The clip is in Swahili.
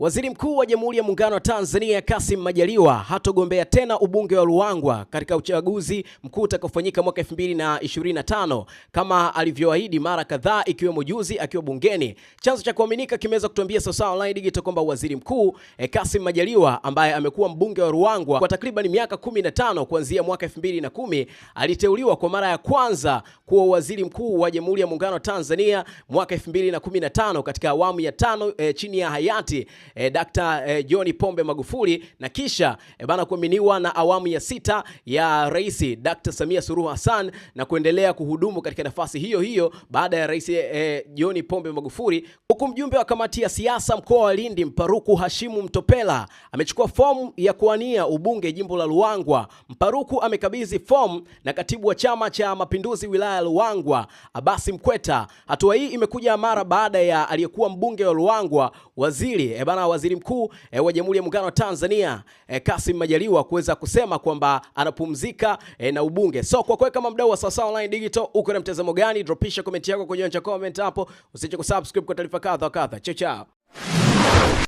Waziri Mkuu wa Jamhuri ya Muungano wa Tanzania Kassim Majaliwa hatogombea tena ubunge wa Ruangwa katika uchaguzi mkuu utakaofanyika mwaka 2025 kama alivyoahidi mara kadhaa ikiwemo juzi akiwa bungeni. Chanzo cha kuaminika kimeweza kutuambia sasa Online Digital kwamba Waziri Mkuu e, Kassim Majaliwa ambaye amekuwa mbunge wa Ruangwa kwa takriban miaka 15 kuanzia mwaka 2010 aliteuliwa kwa mara ya kwanza kuwa Waziri Mkuu wa Jamhuri ya Muungano wa Tanzania mwaka 2015 katika awamu ya tano e, chini ya hayati eh, Dr. eh, John Pombe Magufuli na kisha eh, bana kuaminiwa na awamu ya sita ya Rais Dr. Samia Suluhu Hassan na kuendelea kuhudumu katika nafasi hiyo hiyo baada ya Rais eh, eh, John Pombe Magufuli, huku mjumbe wa kamati ya siasa mkoa wa Lindi Mparuku Hashimu Mtopela amechukua fomu ya kuwania ubunge jimbo la luangwa Mparuku amekabidhi fomu na katibu wa Chama cha Mapinduzi wilaya ya luangwa Abasi Mkweta. Hatua hii imekuja mara baada ya aliyekuwa mbunge wa luangwa waziri e, bana waziri mkuu e, wa Jamhuri ya Muungano wa Tanzania e, Kassim Majaliwa kuweza kusema kwamba anapumzika e, na ubunge. So kwa kweli kama mdau wa Sawasawa Online Digital uko na mtazamo gani? Dropisha comment yako kwenye comment hapo. Usiache kusubscribe kwa taarifa kadha kadha. Chao chao.